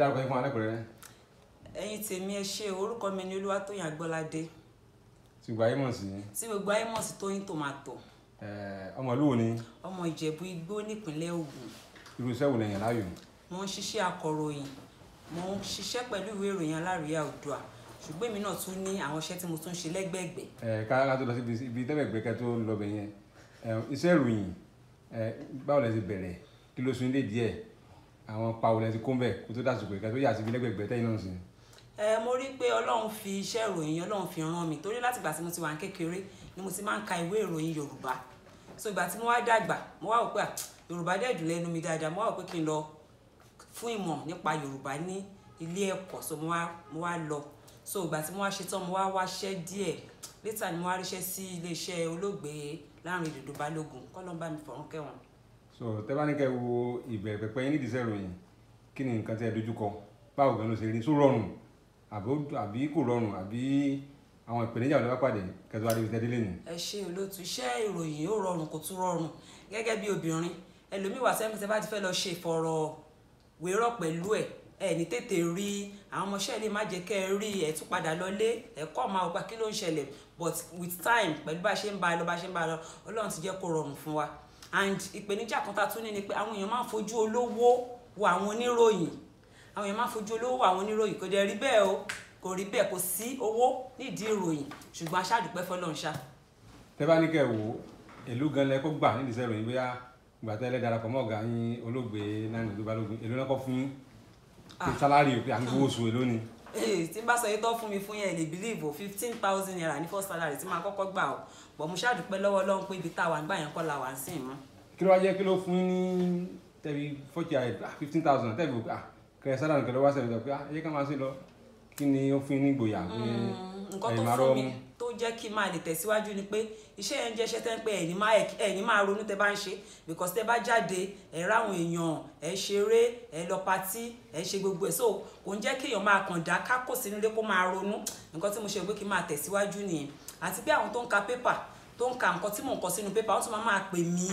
dárúkọ yín fún wa lẹ́kùnrin rẹ. ẹ̀yin tèmi ẹ ṣe orúkọ mi ni Olúwatóyìn Agbọ́ládé. tí gbogbo ayé mọ̀ sí. tí gbogbo ayé mọ̀ sí Tóyìn Tòmátò. ọmọ ìlú wo ni. ọmọ Ìjẹ̀bú Igbó nípínlẹ̀ Ògùn. irú iṣẹ́ wo lẹ̀yìn láàyò. mo ń ṣiṣẹ́ akọ̀ròyìn mo ń ṣiṣẹ́ pẹ̀lú ìwé ìròyìn Aláròyé Oòduà ṣùgbọ́n èmi náà tún ní àwọn iṣẹ́ tí mo tún ń ṣe lẹ́gbẹ̀ẹ́gbẹ̀. ẹ kára tó lọ síbi ibi tẹ́gbẹ̀gbẹ́ kẹ́ tó lọ bẹ̀ iṣẹ́ ìròyìn báwo lẹ ti bẹ̀rẹ̀ kí ló sún ilé díẹ̀ àwọn pawulẹ ti kó ń bẹ kó tó dàsùkò ìka tó yà síbi lẹgbẹgbẹ tẹyin náà sí. ẹ mo rí i pé ọlọ́run fi iṣẹ́ ìròyìn ọlọ́run fi ràn mí torí láti ìgbà tí mo ti wà ní kékeré ni mo ti máa ń ka ìwé ìròyìn yorùbá so ìgbà tí mo wá dàgbà mo wá wò pé yorùbá dẹ̀ dùn lẹ́nu mi dáadáa mo wá wò pé kí n lọ fún ìmọ̀ nípa yorùbá ní ilé ẹ̀kọ́ so mo wá mo wá lọ so ìgbà tí mo wá ṣe tán mo wá wáṣẹ́ díẹ̀ later ni mo wá ríṣẹ́ sí iléeṣẹ́ olóògbé Láńrè Dòdò Balógun kọ́ ló ń bá mi fọ̀rún kẹ́wọ̀n so tẹ́ bá ní kẹ́ wo ìbẹ̀rẹ̀ pẹ̀pẹ̀ yín nídìí iṣẹ́ ìròyìn kí ni nǹkan tẹ́ ẹ dojúkọ báwo gan ló ṣe rí só rọrùn àbí kò rọrùn àbí àwọn ìpèníjà ọ̀dọ́ bá pàdé kẹtù wá débi tẹ́dílé ni. ẹ ṣe olóòtú iṣẹ́ ìròyìn yóò rọrùn kò tún rọrùn gẹ́gẹ́ bí obìnrin ẹlòmíì wà sẹ́yìn tẹ́ bá ti fẹ́ lọ ṣe ìfọ̀rọ̀wérọ̀ pẹ̀lú ẹ̀ ẹ ní tètè rí àwọn ọmọọṣẹ́ lè má jẹ́ kẹ́ ẹ rí ẹ tún padà lọlé ẹ̀kọ́ máa wọ́pá kí ló ń ṣẹlẹ̀ but with time pẹ̀lú bá a ṣe ń ba lọ bá a ṣe ń ba lọ ọlọ́run ti jẹ́ kó rọrùn fún wa and ìpèníjà kan tá a tún ní ni pé àwọn èèyàn máa ń fojú olówó wo àwọn oníròyìn àwọn èèyàn máa ń fojú olówó wo àwọn oníròyìn kò dẹ̀ rí bẹ́ẹ̀ o kò rí bẹ́ẹ̀ kò sí owó nídìí ìròyìn ṣùgbọ́n aṣáàdúpẹ́ fọlọ́run ṣá. tẹ́ bá ní kẹ́ wò ó èlú gan lẹ kó gbà nídìí sẹ́rọ̀ yìí bóyá ìgbà tẹ́lẹ̀ darapọ̀ mọ́ ọ̀gá yín olóògbé náà nílùú balógun èlò náà kọ́ fún kí ah. sálárì òkè à ń gbowó oṣù èlò ni eh, tí n bá sọ yìí tó fún mi fún yẹn lè believe o fifteen thousand naira ní first salary tí máa kọ́kọ́ gbà o bọ̀ mo ṣàdúpẹ́ lọ́wọ́ Ọlọ́run pé ibi táwa nígbà yẹn kọ́ la wà ń sìn mọ́. kí ló wá jẹ́ kí ló fún ní tẹ̀bi forty eight ah, fifteen thousand tẹ̀bi òkà ah, kẹrẹ sára nìkan ló wá sẹ̀rẹ̀ lọ pé ah, ẹ jẹ́ ká máa ṣe lọ kí ni ó fún ní ìgboyà pé mm, ẹ̀yìn máa rọ́ tó jẹ́ kí máa lè tẹ̀síwájú ni pé iṣẹ́ yẹn jẹ́ iṣẹ́ tẹ́ ń pé ẹ̀yin máa ronú tẹ́ bá ń ṣe because tẹ́ bá jáde ẹ̀ ráwọn èèyàn ẹ̀ ṣeré ẹ̀ lọ patí ẹ̀ ṣe gbogbo ẹ̀ so kò ń jẹ́ kí èèyàn máa kàn dá kákò sínú ilé kó máa ronú nǹkan tí mo ṣe pé kí máa tẹ̀síwájú nìyẹn àti pé àwọn tó ń ka pépà tó ń ka nǹkan tí mò ń kọ sínú pépà wọ́n tún máa máa pè mí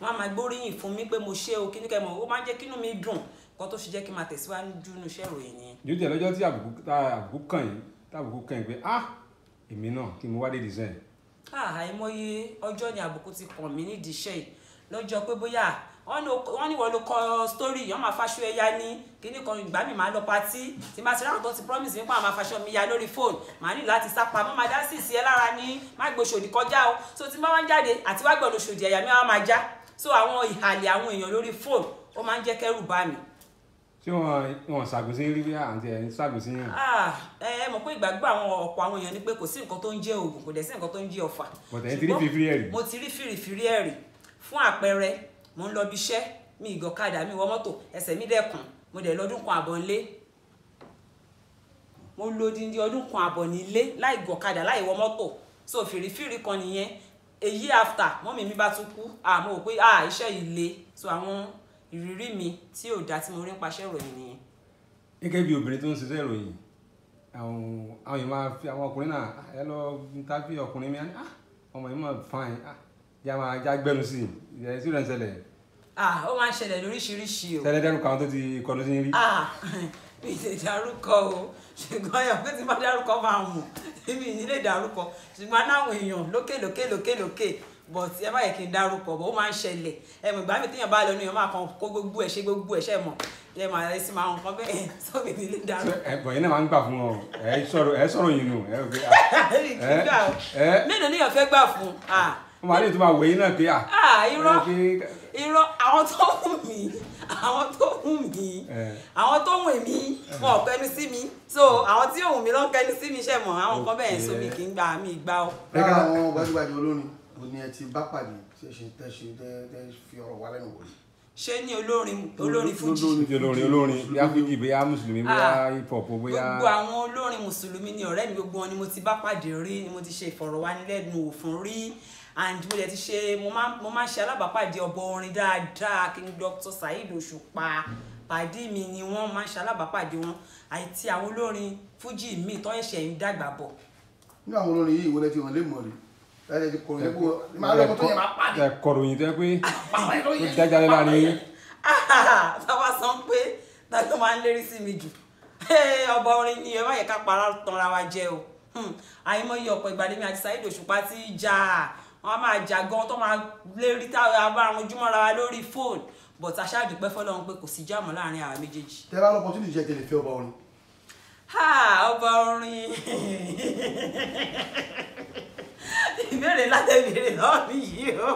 wọ́n á máa gbóríyìn fún mi pé mo ṣe o kíní kẹmọ ó máa ń jẹ́ kínú mi dùn nǹkan tó ṣe jẹ́ kí n máa tẹ̀síwájú nínú iṣẹ́ ìròyìn yẹn. yóò jẹ́ lọ́jọ́ tí àbùkù kàn yín tí àbùkù kàn yín pé ah èmi náà kí mo wá dé design. Ah, àìmọye ọjọ́ ni àbùkù ti kàn mí nídìí iṣẹ́ yìí lọ́jọ́ pé bóyá wọ́n ní wọ́n ló kọ story yọ́n máa faṣọ ẹ̀yà ní kíní kan ìgbà mi máa lọ patí tí máa ti ráhùn tó ti promise nípa àwọn afaṣọ mi ya lórí phone màá ní láti sápa mọ́ máa dá sí ìsí ẹ lára ní má gbòṣòdì kọjá o so tí máa wá ń jáde àti wá gbọ̀dọ̀ ṣòdì ẹ̀yà mi wá máa já so àwọn ìhàlẹ̀ àwọn èèyàn lórí phone ó máa ń jẹ́ kẹ́rù bá mi. ṣé wọn wọn ṣàgùn sí rí àǹtí ẹ ṣàgùn sí yàn. Ah, ẹ ẹ mọ̀ pé ìgbàgbọ́ àwọn ọ̀pọ̀ àwọn èèyàn ni pé kò sí nǹkan tó ń jẹ́ oògùn kò dẹ̀ sí nǹkan tó ń jẹ́ ọ̀fà. bọ̀dẹ̀ ẹ ti rí fìrí ẹ̀rì. mo ti rí fìrìfìrí ẹ̀rì fún àpẹẹrẹ mo ń lọ bí iṣẹ́ mi ìgọ̀kadà mi wọ mọ́tò ẹsẹ̀ mi dẹ̀kùn mo dẹ̀ lọ́dún kan àbọ̀ nílé mo lo odindi ọdún kan àbọ̀ nílé láì gọ̀kadà láì wọ mọ́tò so fìrífìrí kan nìyẹn a year after mọ́mì mi bá tún kú àmọ́ ò pé ah iṣẹ́ yìí le so àwọn ìrírí mi tí ò dá tí mo rí ń paṣẹ́ ìròyìn nìyẹn. gẹ́gẹ́ bí obìnrin tó ń ṣiṣẹ́ ìròyìn àwọn èèyàn máa fi àwọn ọkùnrin náà ah, ẹ lọ ń tábí ọkùnrin mi á ah, ọmọ yìí máa fine ah, já máa já gbẹnu sí i ẹ sí ìrẹ̀ ń ṣẹlẹ̀. ah ó máa ń ṣẹlẹ̀ lóríṣiríṣi o. ṣẹlẹ̀ dárúkọ àwọn tó ti kọlu sí rí. ah mi ì lè dárúkọ o ṣùgbọ́n ẹ̀yàn pé tí bá dárúkọ máa mọ̀ èmi ì lè dárúkọ ṣùgbọ́n anáwọn èèyàn lókè lókè lókè lókè but ẹ má yẹ kí n dárúkọ bọ ó máa ń ṣẹlẹ̀ ẹ mọ̀ ìgbà mi téèyàn bá lọ ní ọmọ àkàn kó gbogbo ẹ ṣe gbogbo ẹ ṣe mọ ẹ máa ẹ sì máa ń kàn bẹ́ẹ̀ sọmi ní ilé dárúkọ. ẹ bọ̀ yín náà máa ń gbà fún ọ ẹ sọ̀rọ̀ ẹ sọ̀rọ̀ yìí nù. mélòó ni ìyàn fẹ́ gbà fún mo máa ní ìtumọ̀ àwòrán náà pé à. irọ́ irọ́ àwọn tó wù mí àwọn tó wù mí àwọn tó wù mí wọn ò kẹnu sí mi so àwọn tí ò wù mí lọ́n kẹnu sí mi ṣẹ̀ mọ̀ àwọn nǹkan bẹ́ẹ̀ so mi kì í gba mi gbá o. lára àwọn gbajúgbajà olórin òní ti bá pàdé tí ẹ ṣe fi ọ̀rọ̀ wá lẹ́nu wò ṣé ní olórin olórin fújì olórin olórin bóyá fújì bóyá mùsùlùmí bóyá ah, hip hop bóyá. gbogbo àwọn olórin mùsùlùmí ni ọ̀rẹ́ mi gbogbo wọn ni mo ti bá pàdé rí ni mo ti ṣe ìfọ̀rọ̀wánilẹ́nuwò fún rí and mo dẹ̀ ti ṣe mo máa ń ṣe alábàápàdé ọ̀bọ orin dáadáa kí n Dr. Saheed Òṣùpá pàdé mi ni wọ́n máa ń ṣe alábàápàdé wọn àti àwọn olórin fújì míì tó ẹ̀ṣẹ̀ ń dàgbà bọ̀. nínú àwọn olórin yìí ìwọlẹ́ fi hàn lé mọ̀ rèé kọ̀ròyìn tó yẹ pé tó dájáde láàrin yín. bàbá sọ pé tàbí máa ń lérí sí mi jù ọba orin ni ẹ má yẹ ká para tanra wa jẹ o hmm. àyìnbóyè ọ̀pọ̀ ìgbà lèmi àti Saheed Òṣùpá ti jà wọn a máa jà gan tó máa lérí táwọn abárunjúmọ́ ra wa lórí fóònù but aṣáájú pẹ́ fọlọ́run pé kò sí jáàmù láàrin àwa méjèèjì. tẹ́ bá lọ́pọ̀ tí nìjẹ́ tẹ̀lé fẹ́ ọba orin. ọba orin. ìbéèrè láti béèrè náà nìyí o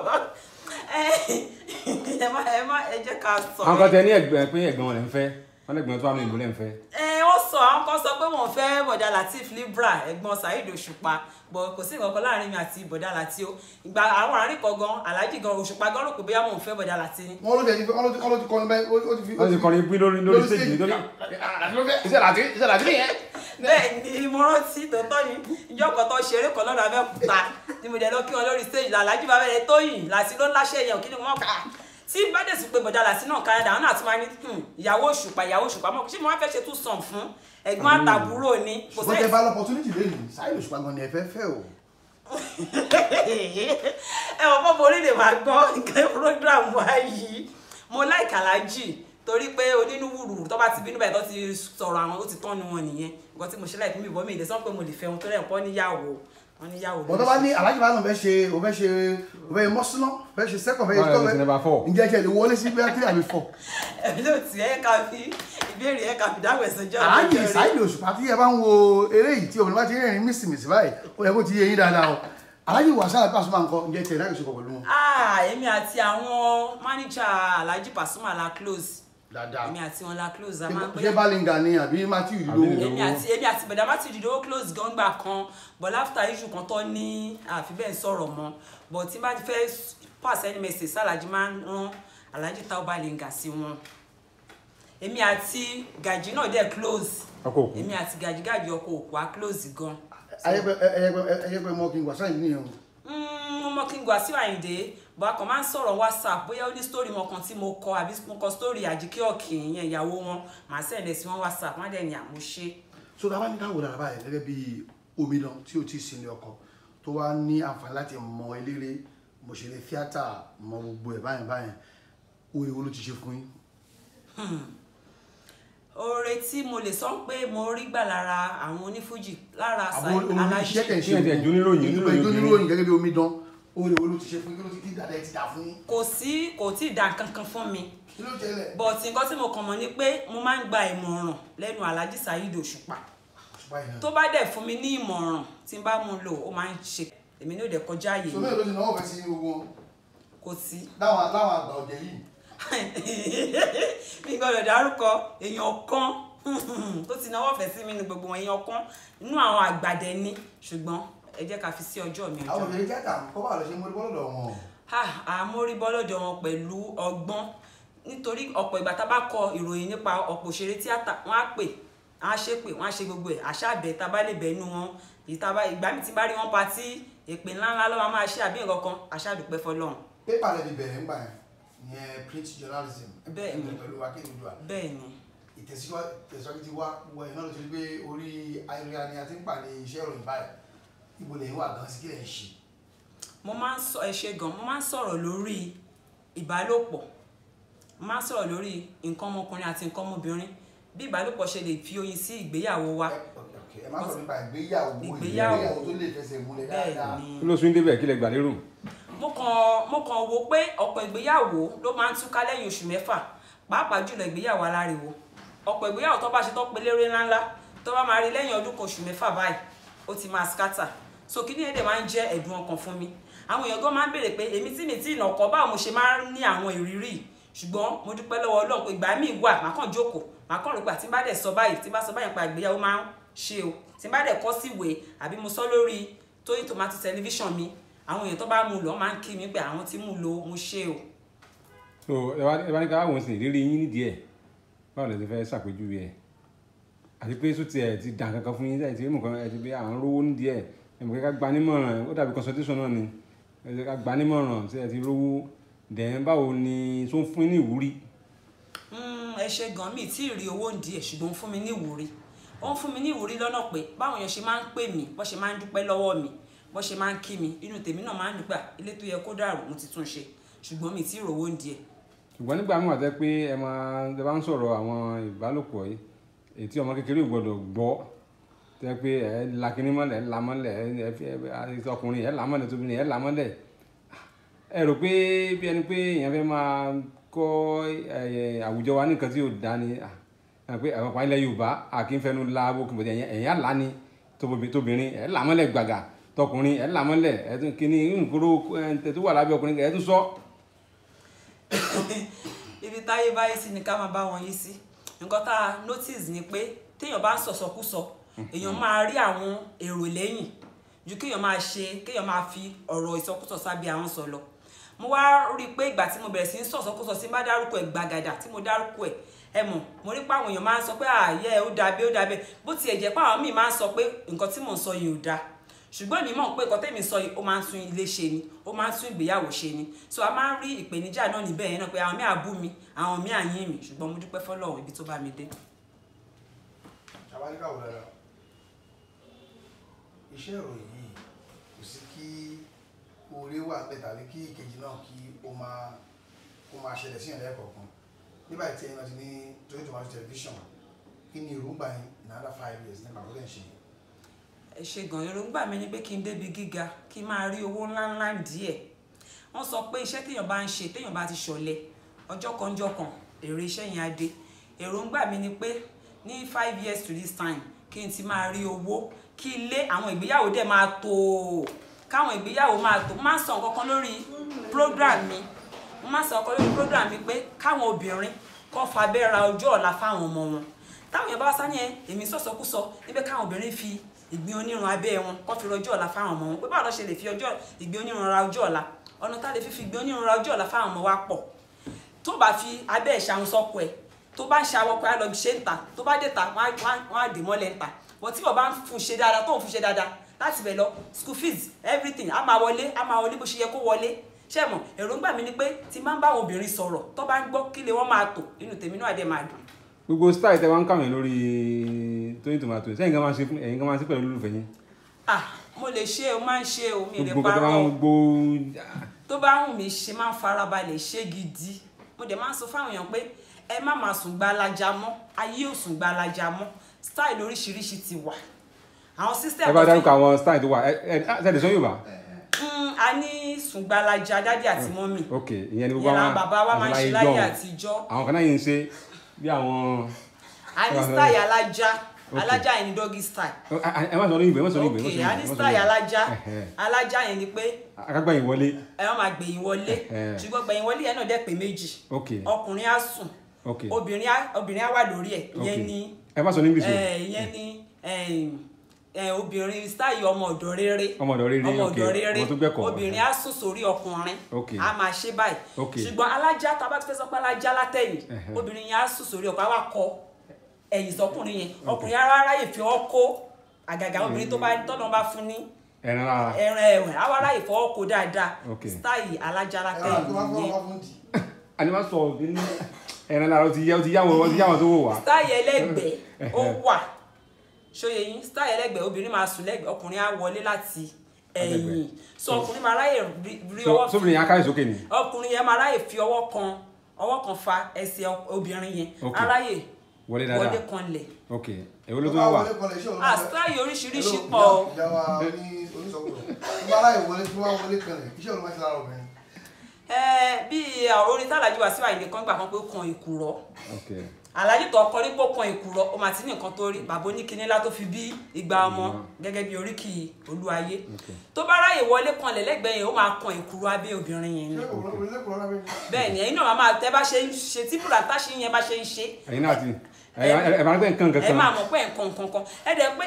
ẹ má ẹ má ẹ jẹ́ ká sọ. àwọn kan tẹ ní ẹgbẹ́ pé ẹ̀gbọ́n wọn lè ń fẹ́ wọn lè gbọ́n tó wà ní ìbúlẹ̀ ń fẹ́. ẹ wọ́n sọ àwọn kan sọ pé wọ́n fẹ́ bọ̀dà latif libra ẹ̀gbọ́n saheed òṣùpá bọ̀ kò sí nǹkan kan láàrin mi àti bọ̀dà láti o ìgbà àwọn àárín kan gan alhaji gan òṣùpá gan rò pé bóyá mò ń fẹ́ bọ̀dà láti. wọn ló ti wọn ló ti kọrin bẹ́ẹ̀ ó ti fi. ó ti kọrin bí lórí lórí stage lórí. iṣẹ́ làtí iṣẹ́ làtí nìyẹn bẹ́ẹ̀ ni mo rántí tòótọ́ ni ìjọ kan tó ṣeré kan lọ́nà Abẹ́òkúta ni mo dẹ̀ lọ kí wọn lórí stage làlájú bá bẹ̀rẹ̀ Tóyìn làsí ló ń láṣẹ yẹn òkìlì wọn kà tí bá dẹ̀ sì pé bọ̀dá làsí náà káyà dáhùn náà tún máa ní hmm, ìyàwó òṣùpá ìyàwó òṣùpá mọ̀ ṣé mo wá fẹ́ ṣe tún sàn fún ẹ̀gbọ́n hmm. àtàbúrò ni. ṣùgbọ́n tẹ bá lọ́pọ̀tunítì lẹ́yìn sáyé òṣùpá gan ni ẹ fẹ́ fẹ́ o ẹ wọ́n mọ́ mo rí lè máa gbọ́ nǹkan program wa yìí mo láìkàlájì torí pé onínúwùrù tó bá ti bínú báyìí tó ti sọ̀rọ̀ àwọn ó ti tán ni wọn nìyẹn nǹkan tí mo ṣe láì mi ìbọn mi ìdẹ sọ pé mo lè fẹ́ wọn tó rẹ̀ pọ́ níyàwó wọn níyàwó. bọ́tọ́ bá ní alájì bá lọ fẹ́ ṣe o fẹ́ ṣe o fẹ́ mọ́sánná fẹ́ ṣe sẹ́kọ̀ fẹ́ ṣe tó fẹ́ ǹjẹ́ ṣe lè wọlé sí bíi àti àmì fọ. ẹ̀ ká ẹ̀ ká fi dáhùn ẹ̀sán jọ́ ọ̀rẹ́. àájì ìsáyìlì òṣùpá ẹ náà yóò ṣe kọ pẹ̀lú wọn. Ah, èmi àti àwọn máníjà alhaji pasuma la close dáadáa èmi àti wọn la close a máa ń pẹ́ ṣé balinga ni àbí matthew ló èmi àti èmi àti bẹ̀dà matthew ló close gangba kan but after issue kan tó ní àfi bẹ́ẹ̀ sọ̀rọ̀ mọ́ but tí n bá fẹ́ pass any message sálàjì máa ń rán aláàjì táwọn balinga sí wọn èmi àti gàjí náà dẹ̀ close èmi àti gàjí gàjí ọkọ̀ òkú wa close gan. ayẹpẹ ayẹpẹ ayẹpẹ mọ kí n wà sáyìn nìyẹn o ọmọ kí n gbà sí àyìndé bọ́à kan máa ń sọ̀rọ̀ whatsapp bóyá ó ní story wọn kan tí mo kọ àbí mo kọ story àjíkí ọ̀kì ìyẹn ìyàwó wọn màá sẹ̀lẹ̀ sí wọn whatsapp wọn dẹ̀ ní àmúṣe. so tá a bá ní káwọn dàrá báyìí gẹ́gẹ́ bí omi náà tí o ti sinmi ọkọ tó wá ní àǹfààní láti mọ eléré mọ̀ṣẹ̀lẹ̀ fíátà mọ gbogbo ẹ̀ báyìí báyìí òye wo ló ti ṣe fún yín. Hmm oore tí mo lè sọ pé mo rí gbà lára àwọn onífújì lára aláṣẹ ìròyìn gẹ́gẹ́ bí omidan oore wo ló ti ṣe fún kí ló ti dàdá ẹ ti dà fún. kò sí kò tí ì dà kankan fún mi but nǹkan tí mo kàn mọ̀ ni pé mo máa ń gba ìmọ̀ràn lẹ́nu Alhaji Saheed Òṣùpá tó bá dẹ̀ fún mi ní ìmọ̀ràn tí n bá mu lò ó máa ń ṣe èmi ní ò dẹ̀ kọjá yìí. sọ bẹ́ẹ̀ ló ti náwó fẹ́ sí ogun. kò sí. láwọn àgbà ọ̀jẹ̀ yìí mi gbọ́dọ̀ dárúkọ èèyàn kan hmm, tó ti náwó ọ̀fẹ́ sí mi nu gbogbo wọn èèyàn kan inú àwọn àgbàdẹ ni ṣùgbọ́n ẹ jẹ́ ká fi sí ọjọ́ mi. àwọn obìnrin jẹ́ta kó bá lọ ṣe mórí bọ́lọ̀dọ̀ wọn. àmórí bọ́lọ̀dọ̀ wọn pẹ̀lú ọgbọ́n nítorí ọ̀pọ̀ ìgbà tá a bá kọ ìròyìn nípa ọ̀pọ̀ òṣèré tíátà wọn á pè wọn á ṣe pè wọn á ṣe gbogbo ẹ̀ àṣà àbẹ̀ tá a bá lè bẹ̀ẹ́nu wọn ìgbà mi ti bá rí wọn pa tí èpè ńláńlá lọ́wọ́ máa ṣe àbí nǹkan kan àṣà àdúpẹ́ fọlọ́run. pépà lè fi bẹ̀rẹ̀ ń gbà yẹn ìyẹn print journalism bẹ́ẹ̀ni pẹ̀lú akéwìdúà bẹ́ẹ̀ni ìtẹ̀síwájú ti wá wọ iná ló ti rí pé orí ayélujára ni a ti ń pàdé iṣẹ́ ìròyìn báyìí ibo lè wà gan sí kí lè ṣe. mo máa ń sọ ẹ ṣe gan mo máa ń sọ̀rọ̀ lórí ìbálòpọ̀ mo máa ń sọ̀rọ̀ lórí nǹkan ọmọkùnrin àti nǹkan ọmọbìnrin bí ìbálòpọ̀ ṣe lè fi oyin sí ìgbéyàwó wa. ẹ má sọ nípa ìgbéyàwó ìgbéyàwó tó lè fẹsẹ̀ múlẹ̀ dáadáa. kí ló sún débẹ̀ kí lẹ gbà lérò kàn mo kàn wo pé ọ̀pọ̀ ìgbéyàwó ló máa ń túká lẹ́yìn oṣù mẹ́fà pàápàá jùlọ ìgbéyàwó aláriwo ọ̀pọ̀ ìgbéyàwó tó bá ṣe tó pe lérè ńláńlá tó bá máa rí lẹ́yìn ọdún kan oṣù mẹ́fà ti máa skátà so kí ni èdè máa ń jẹ́ ẹ̀dùn ọkàn fún mi àwọn èèyàn gan máa ń béèrè pé èmi tí mi tí ìnàkọ báwo mo ṣe máa ń ní àwọn ìrírí mo dúpẹ́ lọ́wọ́ Ọlọ́run pé ìgbà míì wà má kàn jókòó má kàn rò pé àti bá dẹ̀ sọ báyìí tí bá sọ báyìí pa ìgbéyàwó máa ń o tí bá dẹ̀ kọ́ síwèé àbí mo sọ lórí Tóyìn Tòmátì tẹlifíṣàn mi àwọn èèyàn tó bá mu lọ máa ń kí mi pé àwọn tí mu lo mo ṣe o. so ẹ bá ní ká wọn sì rírí yín nídìí ẹ báwo lè ti fẹ́ ṣàpèjúwe ẹ àti pé sùn tiẹ̀ ti dàn kankan fún yín ẹ ti rí mọ̀kan ẹ ti bí àwọn rówó nídìí ẹ ẹ̀mọ̀ kẹ́kẹ́ gbanímọ̀ràn ó dàbí consultation náà ni ẹ̀ka gbanímọ̀ràn tí ẹ ti rówó dẹ̀ẹ́n báwo ni tó ń fún ní ìwúrí. Hmm, ẹ ṣe gan mi tí ì owó ń di ẹ̀ ṣùgbọ́n fún mi ní ìwúrí ó ń fún mi ní ìwúrí lọ́nà pé báwọn èèyàn ṣe máa ń pè mí bó ṣe máa ń dúpẹ́ lọ́wọ́ mi bó ṣe máa ń kí mi inú tèmi náà máa ń nígbà ilé tó yẹ kó dàrú mo ti tún ṣe ṣùgbọ́n mi ti rówó ń di ẹ̀. ṣùgbọ́n nígbà mọ̀ àtẹ pé ẹ máa ẹ bá ń sọ̀rọ̀ àwọn ìbálòpọ̀ yìí ètí ọmọ kékeré gbọ́dọ̀ gbọ́ tẹ pé ẹ lakini mọ́lẹ̀ ẹ lamọ́lẹ̀ ẹ fi ọkùnrin ẹ lamọ́lẹ̀ tóbi ẹ lamọ́lẹ̀ ẹ rò pé bí ẹni pé èèyàn fẹ́ máa kọ́ àwùjọ wa nìkan tí yóò dá ni pé àwọn ọkùnrin ilẹ̀ Yorùbá àkínfẹ́nu la gbogbo ẹ̀yìn àlá ni tóbìnrin ẹ̀ lamọ́lẹ̀ gbàgà tọkùnrin ẹ̀ làmọ́lẹ̀ ẹ̀tún kíní nkúrò ẹ̀ tó wà lábẹ́ ọkùnrin ẹ̀ tún sọ. ibi táyé báyé sí ni ká máa bá wọn yí sí nǹkan tá a notice ni pé téèyàn bá ń sọ̀sọ̀kúsọ èèyàn mm-hmm. máa rí àwọn èrò lẹ́yìn ju kéèyàn máa ṣe kéèyàn máa fi ọ̀rọ̀ ìsọkúsọ sábẹ́ àwọn sọ lọ mo wá rí i pé ìgbà tí mo bẹ̀rẹ̀ sí ń sọ̀sọ̀kúsọ sí má dárúkọ ẹ̀ gbàgàdà tí mo dárúkọ ẹ̀ ẹ mọ̀ mo rí pé àwọn èèyàn máa ń sọ pé àyẹ́ ó dàbẹ́ ó dàbẹ́ bó tiẹ̀ jẹ́ pé àwọn míì máa ń sọ pé nǹkan tí mò ń sọ yìí ò dáa ṣùgbọ́n èmi mọ̀ pé nǹkan tẹ́mi sọ yìí ó máa ń tún ilé ṣe ni ó máa ń tún ìgbéyàwó ṣe ni so a máa ń rí ìpèníjà náà níbẹ̀ yẹn náà pé àwọn míì àbú mi àwọn míì àyín mi ṣùgbọ́n mo dúpẹ́ fọ́lọ́run ibi tó bá mi dé. àwa nígbà wo iṣẹ́ ìròyìn yìí kò sí kí oore wà bẹ́ẹ̀ tàbí kí ìkejì náà kí ó máa kó máa ṣẹlẹ̀ sí ìrẹ́lẹ̀ kọ̀ọ̀kan nígbà tí ẹ̀yin náà ti ní ẹ ṣe gan èròǹgbà mi ni pé kí n débi gíga kí n máa rí owó ńláńlá díẹ̀ wọ́n sọ pé iṣẹ́ téèyàn bá ń ṣe téèyàn bá ti ṣọ̀lẹ ọjọ́ kan ọjọ́ kan èrè iṣẹ́ yẹn á dé èròǹgbà mi ni pé ní five years to this time kí n ti máa rí owó kí ilé àwọn ìgbéyàwó dẹ̀ máa tó káwọn ìgbéyàwó máa tó máa sọ nǹkan lórí program mi mo máa sọ ọkọ lórí program mi pé káwọn obìnrin kọ́ fabẹ́ ra ọjọ́ ọ̀la fáwọn ọmọ wọn táwọn yẹn bá wá sáyẹn èmi sọ̀sọ̀kúsọ níbẹ̀ káwọn obìnrin fi ìgbín onírun abẹ́ wọn kọ́ fi rọjọ́ ọ̀la fáwọn ọmọ wọn pé báwo ló ṣe lè fi ìgbín onírun ra ọjọ́ ọ̀la ọ̀nà tá a lè fi fi ìgbín onírun ra ọjọ́ ọ̀la fáwọn ọmọ wa pọ̀ tó bá fi abẹ́ ìṣàwọn sọ́kọ ẹ̀ tó bá ń ṣàwọn ọkọ ẹ̀ lọ ṣe ń ta tó bá dé ta wọ́n á dè mọ́lẹ̀ ń ta wọ́n tí wọ́n bá ń fún ṣe dáadáa tó ń fún ṣe dáadáa láti bẹ̀ lọ school fees everything á máa wọlé á máa wọlé bó ṣe yẹ kó wọlé ṣé mọ̀ èròǹgbà mi ni pé tí máa ń bá àwọn obìnrin sọ̀rọ̀ tó bá ń gbọ́ kí lè wọ́n máa tò inú Tóyìn Tomato sẹ́yìn kan máa ṣe fún ẹ̀yin kan máa ṣe pẹ̀lú olólùfẹ́ yín. ah mo lè ṣe o máa ń ṣe o mi lè parọ́ tó bá wù mí ṣe máa ń farabalẹ̀ ṣe gidi mo dẹ̀ máa ń sọ fáwọn èèyàn pé ẹ má máa sùn gbalaja mọ́ ayé ò sùn gbalaja mọ́ style oríṣiríṣi ti wà àwọn system. bá dárúkọ àwọn style tó wà ẹ ẹ ṣẹlẹ sọ Yorùbá. Hmm, a ní sùngbàlàjà dádì àti mọ́mì. ok ìyẹn ni gbogbo àwọn bàbá wa máa ń ṣe láyé àtijọ́. àwọn kan náà yìí ń ṣe bí àwọn. a ní style alájà alájà yẹn ni doggy style. Oh, ẹ má sọ ní ìgbẹ́ ẹ má sọ ní ìgbẹ́. ok ani style alájà alájà yẹn ni pé. akágbá yìí wọlé. ẹ wọn máa gbẹ̀yìn wọlé ṣùgbọ́n gbẹ̀yìn wọlé yẹn náà dẹ̀ pé méjì. ok ọkùnrin á sùn. ok obìnrin á obìnrin á wà lórí ẹ̀ yẹn ni. ẹ má sọ ní ìgbésùn. yẹn ni obìnrin style ọmọ ọ̀dọ̀ rere ọmọ ọ̀dọ̀ rere ọmọ ọ̀dọ̀ rere obìnrin á sùn sórí ọkùnrin á máa ṣe báyìí ṣùgbọ́n alájà tá a bá fẹ́ sọ pé alájà látẹ̀yìn obìnrin yẹn á sùn sórí ọkùnrin á wà kọ́ ẹ̀yìn sọkùnrin yẹn ọkùnrin ara aráyè fi ọ kó àgàgà obìnrin tó bá mm. tọ́nà bá fún ní ẹran ẹran àwa aráyè fọwọ́ kó dáadáa sítáì alájára kẹyìn nìyẹn. a ní ma sọ ní ẹran lára o ti yá ó ti yá wọn ó ti yá wọn tó wò wá. sítáì ẹlẹ́gbẹ̀ẹ́ ó wà ṣóye yín sítáì ẹlẹ́gbẹ̀ẹ́ obìnrin máa sùn lẹ́gbẹ̀ẹ́ ọkùnrin á wọlé láti ẹ̀yìn so ọkùnrin máa ráyè rí ọwọ́ fi sóbìnrin yẹn ká ìsókè ni. ọkùnrin yẹn máa ráyè fi ọwọ́ kan ọwọ́ kan fa ẹsẹ̀ obìnrin yẹn aráyè wọlé dáadáa wọlé kanlẹ̀. ok èwo ló tún wá a ah, ah, sáyé oríṣiríṣi pọ̀ ẹ eh, bí orin tálàjú wá síwáyé nìkan gbà kan pé kan èkùrọ́ aláàjì tó ọkọ rí pọ̀kan ìkùrọ̀ ó máa ti ní nǹkan tó rí bàbá oníkiní ńlá tó fi bí igba ọmọ gẹ́gẹ́ bí oríkì olúwayé tó bá ráyè wọlé kanlẹ̀ lẹ́gbẹ̀ẹ́ yẹn ó máa kan ìkùrọ̀ abẹ́ obìnrin yẹn ni bẹ́ẹ̀ ni ẹ̀yin náà máa tẹ́ bá ṣe ń ṣe tí bùràtà ṣe yẹn bá ṣe ń ṣe. ẹ̀yin náà ti ẹ máa pẹ́ nǹkan kankan. ẹ máa mọ̀ pé nǹkan kankan ẹ dẹ̀ pé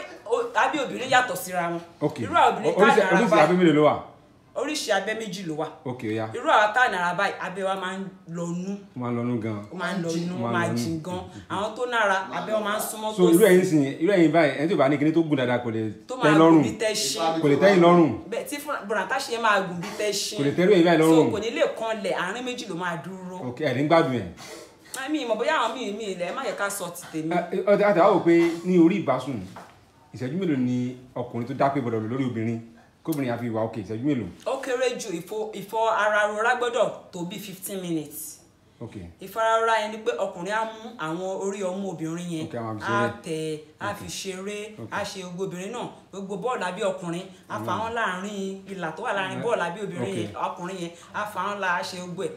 abẹ́ obìnrin yàtọ̀ síra wọn. ok oríṣi abẹ́ mélòó ló wà oríṣi abẹ méjì ló wà irú àwọn tá nára báyìí abẹ wa máa ń lọnú ó máa ń lọnú gan máa ń lọnú ó máa jìn gan àwọn tó nára abẹ wọn máa ń súnmọ́ tó so irú ẹ̀yin sìn irú ẹ̀yin báyìí ẹni tí bá ní kíní tó gùn dáadáa kò lè tẹ́yìn lọ́rùn kò lè tẹ́yìn lọ́rùn. bẹ́ẹ̀ tí bùrọ̀tà ṣe máa gùn bí tẹ́ ṣe kò lè tẹ́rù ẹ̀yin báyìí lọ́rùn. so kò ní lè kan lẹ̀ àárín méjì ló máa dúró. ok ẹ̀ ní gbádùn ẹ̀ mi ìmọ̀ bóyá àwọn míì mi ilẹ̀ má yẹ ká sọ ti tèmi. ọ̀dà àtàwọn ò pé ní orí ìbásùn ìṣẹ́jú mélòó ni ọkùnrin tó dápé gbọ́dọ̀ lórí obìnrin kóbìnrin àfi ìwà òkè ìṣẹ́jú èlò. ó kéré ju ìfọ ara rora gbọ́dọ̀ tó bí fifteen minutes. Okay. ìfararora yẹn ni pé ọkùnrin á mú àwọn orí ọmú obìnrin yẹn á tẹ á fi ṣeré á ṣe gbogbo obìnrin náà gbogbo bọ́ọ̀lù àbí ọkùnrin á mm. fa wọn láàrin ìlà tó wà láàrin mm. bọ́ọ̀lù àbí obìnrin yẹn ọkùnrin yẹn á fa wọn la ṣe gbogbo ẹ̀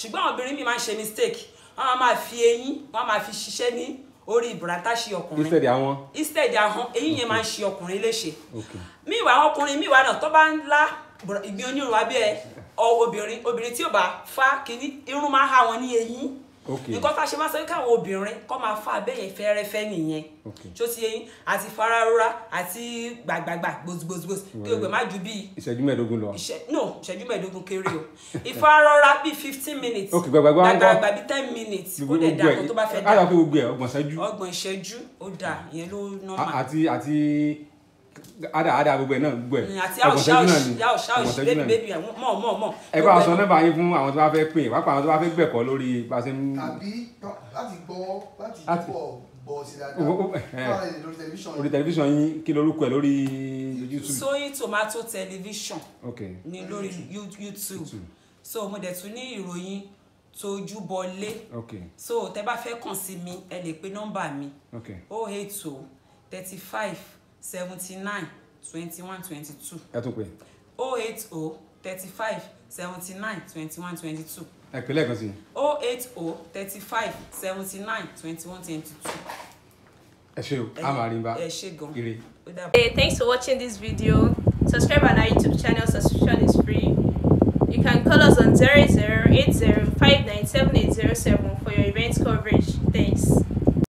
ṣùgbọ́n àwọn obìnrin mi máa ń ṣe mistake wọ́n máa fi eyín wọ́n máa fi ṣiṣẹ́ ní orí ìbùrátà ṣe ọkùnrin instead àwọn instead àwọn èyí yẹn máa ń ṣe ọkùnrin léṣe míwà ọkùnrin míwà náà tó bá ń lá ìgbín onírun abẹ́ obìnrin obìnrin tí ò bá fá kínní irun máa ha wọn ní eyín nǹkan tá a ṣe máa sọ pé káwọn obìnrin kọ́ máa fa abẹ́yẹn fẹ́rẹ́fẹ́ nìyẹn tó ti yẹn àti fararora àti gbàgbàgbà gbòsgbòsgbòs kí o gbẹ má ju bíi. ìṣẹ́jú mẹ́ẹ̀ẹ́dógún lọ. no ìṣẹ́jú mẹ́ẹ̀ẹ́dógún kéré o ìfararora bíi fifteen minutes gbàgbàgbà bíi ten minutes ó dẹ̀ da àkótó bá fẹ́ da ọgbọ̀n ìṣẹ́jú ó da ìyẹn ló normal. àti àti ada ada gbogbo ẹ náà gbogbo ẹ mm, ọgbọ̀nsẹ́jú náà ni ọgbọ̀nsẹ́jú náà ni ẹ bá sọ nọ́mbà yín fún àwọn tó bá fẹ́ pè é pápá àwọn tó bá fẹ́ gbẹ̀kọ́ lórí bá ṣe ń. tàbí láti gbọ́ láti gbọ́ bọ̀ sí dáadáa lórí tẹlifíṣàn yín. lórí kí lorúkọ ẹ lórí YouTube. Soyin Tomato Television ni lórí YouTube so mo dẹ̀ tún ní ìròyìn tójú bọlé so tẹ bá fẹ́ kàn sí mi ẹ lè pe nọ́mbà mi 080 35 seventy nine twenty one twenty two. ẹ tún pè. o oh eight o oh, thirty five seventy nine twenty one twenty two. ẹ pè lẹ́ẹ̀kan sí i. o oh eight o thirty five seventy nine twenty one twenty two. ẹ ṣé o a máa rí bá ire. hey thanks for watching this video subscribe on our youtube channel subscription is free you can call us on zero zero eight zero five nine seven eight zero seven for your event coverage thanks.